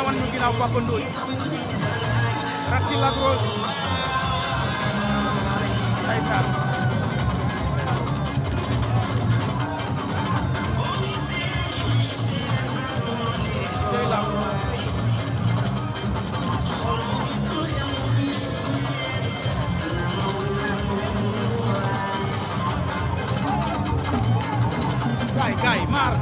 na wan ñu ginnaaw Papa Ndoye rakki Lac Rose ndeysaan Guy, guy, Mark.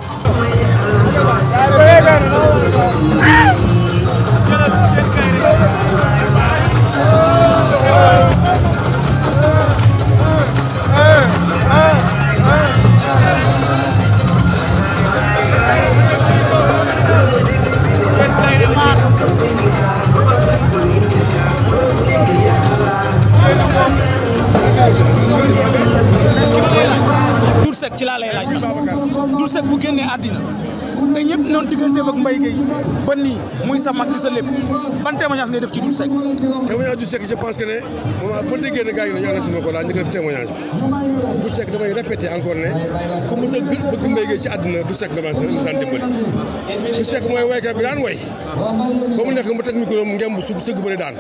ci laa lay laaj Doudou Seck bu génnee àddina te ñëpp noon diggante ak mbay Gueye ba nii muy sa mag di sa lépp ban témoignage ngay def ci Doudou Seck témoignage je pense que ne moment boo déggee ne gars yi nañu ana suma ko daa ñu ko def témoignage Doudou Seck damay répété encore ne ku mos a bëgg Mbaye Gueye ci àddina Doudou Seck dama seen musaan dimbali Doudou Seck mooy waykat bi daan way ba mu nekk mu teg micro mu ngemb su sëgg bëri daan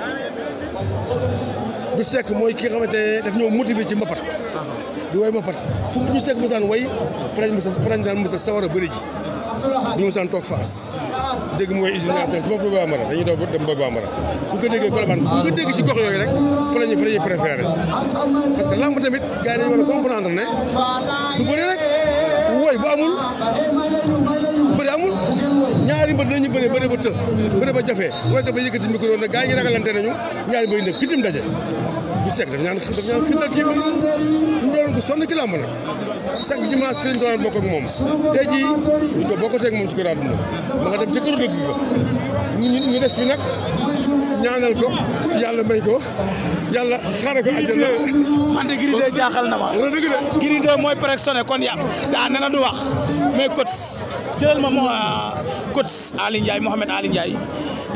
Doudou Seck mooy ki nga xamante ne daf ñëw motivé ci mbapat di woy ba pat fu ñu seeg mosaan way farañ mos a farañ daan mos a sawar a bëri ji du mosaan toog faas dégg mu woy usine naatale ci bopp ba Bambara dañuy daw dem ba Bambara bu ko déggee Colobane fu ko dégg ci gox yooyu rek fa la ñuy parce que lamb tamit gars yi dañu war a comprendre ne du bëri rek woy bu amul bëri amul ñaari mbër dinañu bëri bëri ba të bëri ba jafe woy te ba yëkkati micro na gars yi ragalante nañu ñaari mbër yi nag fitim daje bu Seck daf ñaan daf ñaan xiital ci moom mu doon ko sonn ki làmb nag chaque dimanche moom tey jii ko bokkatee ak moom ci ko raadu ma nga dem ci kër dëgg ba ñu des fi nag ñaanal ko yàlla may ko yàlla xaaral ko àjjana man de Gris 2 na ma dëgg de Gris 2 mooy pare sonné kon yàq daa na du wax mais coach jëlal ma mo euh, coach Aly Ndiaye Mouhamed Aly Ndiaye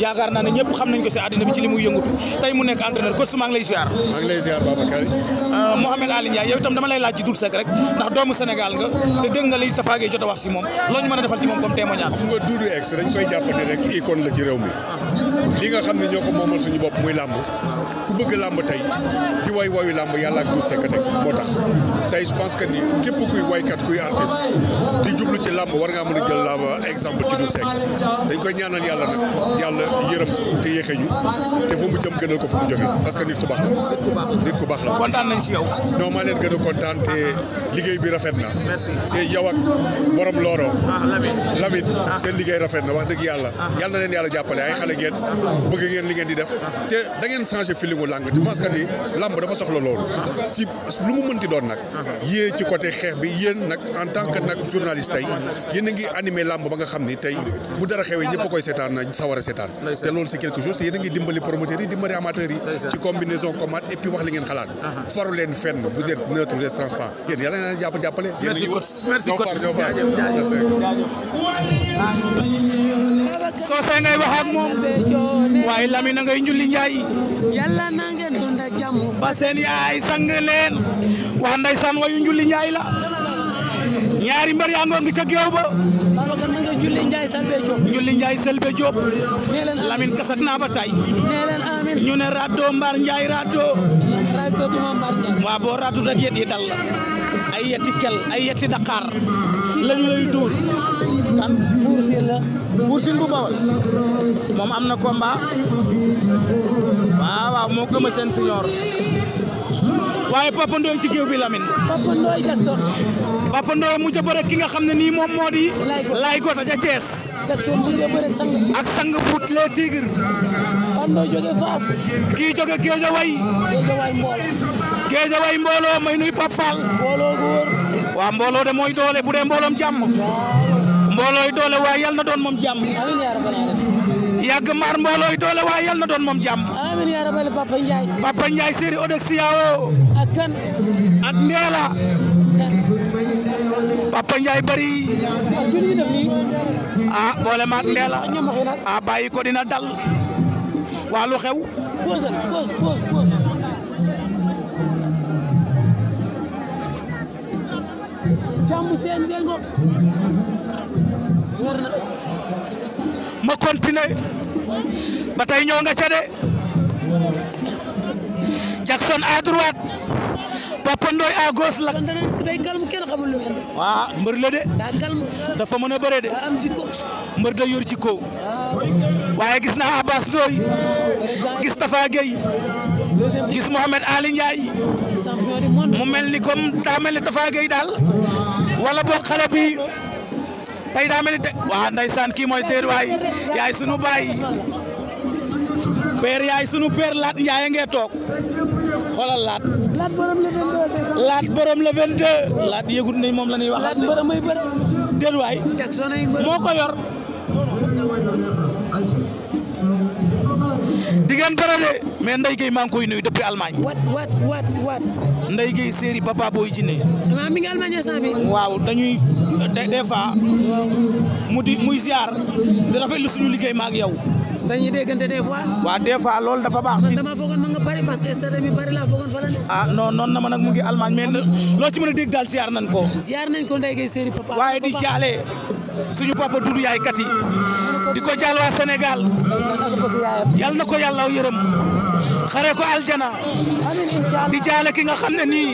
yaakaar naa ne ñëpp xam nañ ko si àddina bi ci li muy yëngutu tey mu nekk entraîneur coach maa ngi lay ziar maa ngi lay ziar euh, yow itam dama laaj ci Doudou Seck rek ndax doomu Sénégal nga te dégg nga li Tafa Gueye jot a wax si moom loo ñu mën a defal ci moom comme témoignage su nga Doudou ex dañ koy jàppante rek icône la ci réew mi ah. li nga xam ne ñoo ko moomal suñu bopp muy làmb ah. ku bëgg làmb tey di way làmb yàlla ak Wally moo tax tey je pense que ni képp kuy waykat kuy artiste di jublu ci làmb war ngaa mën a jël làmb exemple ci du dañ koy ñaanal yàlla nag yàlla yërëm te yéexe ñu te fu mu jëm gënal ko fu mu jógee parce que nit ku baax la nit ku baax la kontaan nañ si yow non maa leen gën a kontaan te liggéey bi rafet na te yow ak borom looro ah, Lamine ah. seen liggéey rafet na wax dëgg yàlla ah. yàlla na leen yàlla jàppale ay xale ngeen bëgg ngeen li ngeen di def te nangu làng je pense que làmb dafa soxla loolu ci lu mu mënti doon nag yée ci côté xeex bi yéen nag en tant que nag journaliste tey yéen a ngi animé làmb ba nga xam ni tey bu dara xewee ñëpp a koy seetaan na a seetaan te loolu c'est quelque chose yéen a ngi dimbali promoteurs yi dimbali amateurs yi ci combinaison combat et wax li ngeen xalaat uh-huh. faru leen fenn vous êtes neutre et transparent yéen yàlla na jàpp jàppale merci coach merci soose ngay wax moom waaye Lamine ngay njulli njaay yàlla na ngeen dund ak yaay sang leen wax ndeysaan wayu njulli njaay la ñaari mbër yaa ngi ca ba nga Njulli Njaay Selbe Diop Njulli naa ba ñu ne raddo mbar Njaay raddo waa boo raddu rek yi dal ay yetti kel ay yetti Dakar lañu lay dóor kan bu Bawol moom am na combat waaw waaw moo gëm a siñoor waaye Papa ci géew bi Lamine. Papa Ndoye Jackson. mujj a ki nga xam ne nii moom moo di. Laay Gota ca Thiès. a bëre ak sang. ak sang buut les tigres. Papa Ndoye jóge Fass. kii jóge Géejawaay. Géejawaay mbooloo. Géejawaay mbooloo may nuy Pape waa mbooloo de mooy doole bu dee mbooloom jàmm. mboolooy doole waaye yal na doon moom jàmm. amiin yaa mboolooy doole waaye yal doon moom jàmm. amiin yaa Papa Ndiaye. Papa Ndiaye séeri Odexia ak kan. Papa Ndiaye bari. ah boole ma ak Ndeela. ah bàyyi ko dina dal. waa xew. posal pos pos ko. ma continuer ba tey ñoo nga ca de Jackson à droite Papa Ndoye à gauche la. kon day calme kenn xamul lu mel. mbër la de. dafa mën a bëre de. mbër da yor jikko. waaye gis naa Abbas Ndoye gis Tafa Gueye gis Mohamed Ali Ndiaye mu mel ni comme daa mel ni Tafa Gueye daal wala boog xale bi. tey daa mel ni te waa ndeysaan kii mooy teer waay yaay sunu baay père yaay sunu père laat yaay ngee toog xoolal laat. laat borom le laat borom nañ moom la ñuy wax. laat borom ay waay. moo ko yor. diggante la de. mais Ndeye Gueye maa ngi koy nuyu depuis Allemagne. wat wat wat wat. Ndeye Gueye séeri Papa Boy Djiné. waaw mi ngi Allemagne instant bi waaw dañuy des fois. mu di muy ziar. di rafetlu suñu liggéey ma ak yow. dañuy déggante des fois. waaw des fois loolu dafa baax. ci dama foogoon ma nga Paris parce que stade bi Paris laa foogoon fa ah, na ma nag mu ngi Allemagne mais loo ci mën a dégg daal ziar nañ ko. ziar nañ ko Ndeye Gueye séeri Papa. waaye di jaale suñu papa Doudou Yaye Kati. di ko jaal waa Sénégal. yal na ko yàlla yërëm. xare ko aljana di jaale ki nga xam ne nii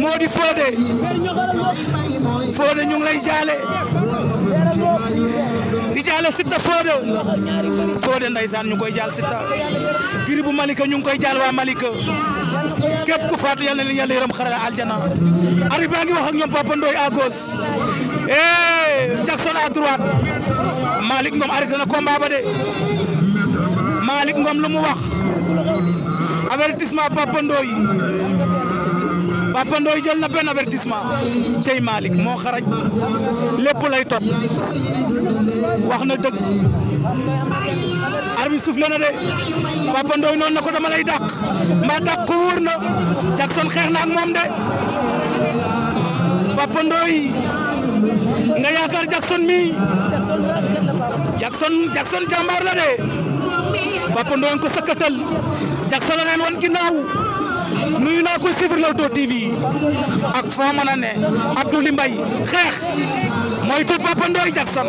moo di Fodé Fodé ñu ngi lay jaale di jaale Siteu Fodé Fodé ndeysaan ñu koy jaal Siteu Gris bu Malika ñu ngi koy jaal waa Malika képp ku faatu yal na leen yàlla yërëm xarala aljana ari ngi wax ñoom Papa Ndoye à gauche eh Jackson à droite na combat ba de Malick Ngom lu mu wax avertissement Papa Ndoye Papa Ndoye jël na benn avertissement cey Malick moo xarañ lépp lay topp wax na dëgg arbitre soufflé na de Papa Ndoye na ko dama lay dàq mbaa dàq ko wóor na Jackson xeex na moom de Papa nga yaakaar Jackson mi Jackson Jackson la de Papa Ndoye ko sëkkatal Jackson la leen wan ginnaaw nuyu naa koy suivre Leewtoo TV ak foo mën a ne Abdoulaye Mbaye xeex moytu Papa Ndoye Jackson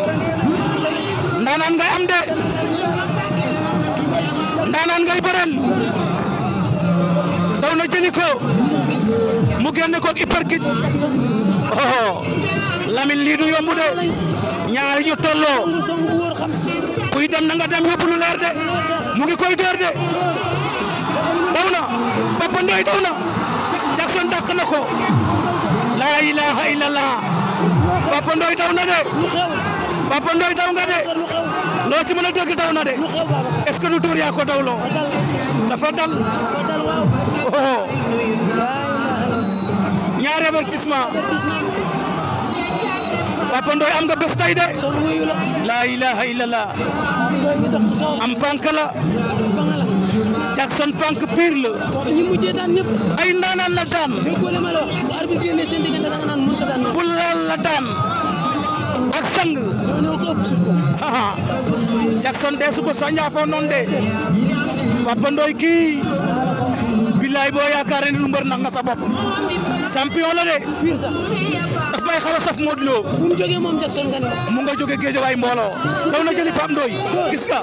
ndaanaan ngay am de ndaanaan ngay bëreel daw na jëli ko mu génne ko ak hyperkit oh, oh. lii du yomb de. ñaar ñu tolloo kuy dem na nga dem yóbbu lu leer de mu ngi koy dóor de daw na Papa Jackson dàq na ko laa ilaaha illallah Papa Ndoye de loo ci mën a dégg daw de est yaa ko dawloo dafa dal oh ñaari avertissement Papa Ndoye am nga bés tay de la ilaha illallah am pank la Jackson pank pire la ay ndaanaan la daan déggoo la la daan ak sang Jackson de ko soññaa foo noonu de Papa kii billaay boo yaakaaree ni du mbër nax nga sa champion la de. daf may xaw a saf moo Lo. fu mu jógee moom Jackson Kane mu mbooloo. daw na jëli Pape Ndoye. gis nga.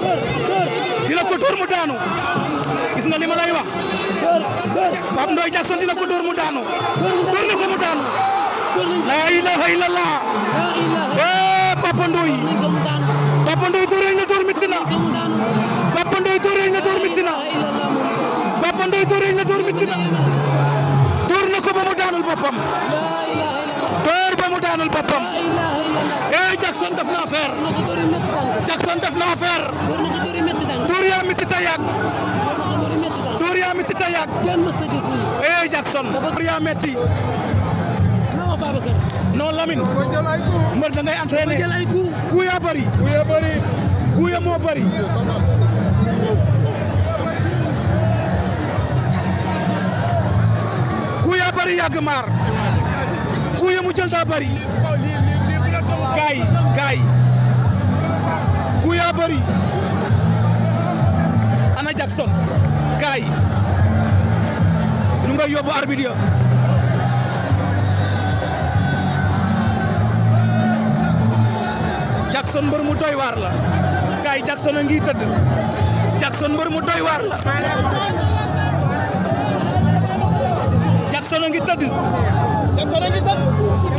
dina ko dóor mu daanu. gis nga li ma lay wax. Pape Ndoye Jackson dina ko dóor mu daanu. dóor na ko mu daanu. laa ilaha illallah. eh Pape Ndoye. Pape Ndoye dóor nañ la dóor mitti na. Pape Ndoye dóor nañ la dóor mitti na. daanul boppam door ba mu daanul boppam eh Jackson def na affaire Jackson def na affaire door yaa miti ta yàgg door yaa miti ta yàgg eh Jackson door yaa metti non Lamine mbër da ngay entraîné ku yaa bari ku yaa bari ku yaa moo bari bëri yàgg maar ku mu jël daa bëri kaay kaay ku yaa Jackson kaay ñu nga yóbbu arbitre ya Jackson mbër mu doy waar la kaay Jackson a ngi tëdd Jackson mbër mu doy waar la Jackson a ngi tëdd. Jackson a ngi tëdd.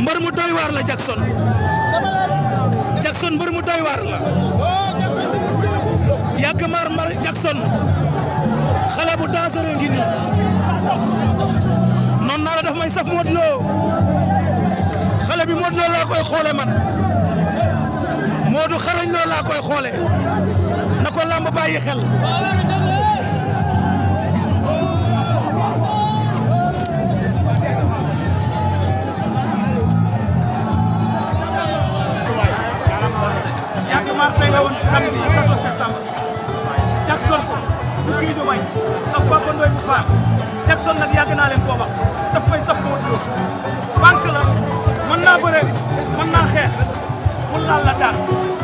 mbër mu doy waar la Jackson. Jackson mbër mu doy waar la. Oh, yàgg maar mar Jackson. xale bu dangereux ngi nii. noonu naa la daf may saf Modou Lo. xale bi Modou Lo laa koy xoole man. Modou xarañ Lo laa koy xoole. na ko làmb bàyyi xel. Dakar tey la woon samedi 14 décembre Jackson bu Guédiawaye ak Papa Ndoye bu Fass leen koo wax daf saf koo dóor banque la mën naa bëre mën naa xeex mu la daal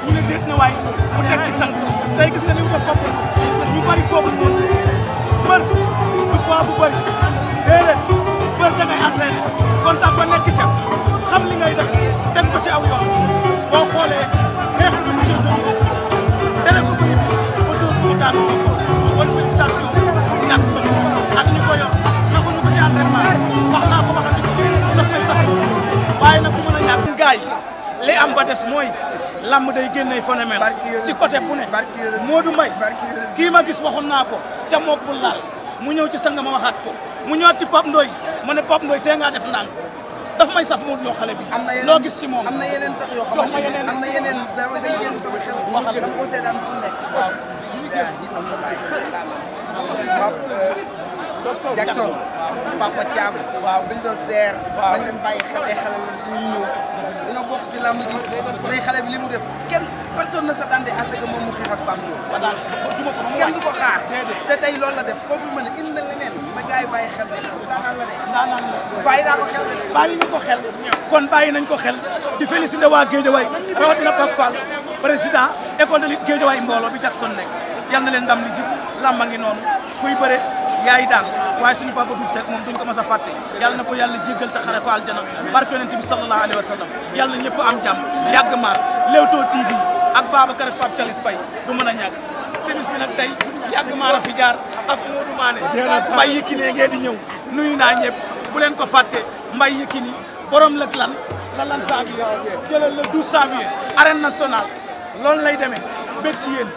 ñu ne déet na waay mu teg ci sax tey gis nga li mu def bopp ñu bari foogul woon mbër du poids bu bëri déedéet mbër da ngay des mooy lamb day génnee phénomène ci côté bu ne Modou Mbaye kii ma gis waxoon naa ko ca mook bu laal mu ñëw ci sanga ma waxaat ko mu ñëwaat ci Pape Ndoye ma ne Pape Ndoye tee ngaa def ndànk daf may saf Modou Lo xale bi loo gis ci moom am na yeneen sax yoo xam ne am na yeneen dama day génn sama Jackson Papa Thiam. waaw Bulldozer. waaw nañ leen bàyyi xel ay xale la ñu ñëw. dañoo bokk si làmb ji day xale bi li mu def kenn personne ne s'attendait à ce que moom mu xeex ak Pape Ndoye. kenn du ko xaar. te tey loolu la def confirmé na indi na leneen. na gars yi bàyyi xel Jackson daanaan la de. daanaan la bàyyi naa ko xel de. bàyyi na ko xel kon bàyyi nañ ko xel di félicité waa Guédiawaye rawatina Pape Fall président école de lutte Guédiawaye mbooloo bi Jackson nekk yal na leen ndam li ji. làmba ngi noonu kuy bëre yaay daan waaye suñu papa Diouf Seck moom duñ ko mas a fàtte yàlla na ko yàlla jéggal te ko aljana barke yonent bi sallallahu alayhi wa sallam yàlla na ñëpp am jàmm yàgg maar Leewtoo TV ak Babacar ak Pape Thialis du mën a ñàkk semis bi nag tey yàgg maar a fi jaar ak Modou Mané mbay yëkki ne ngeen di naa ñëpp bu ko fàtte mbay yëkki ni borom lëg lan la lan janvier jëlal le 12 janvier arène nationale loolu lay demee bég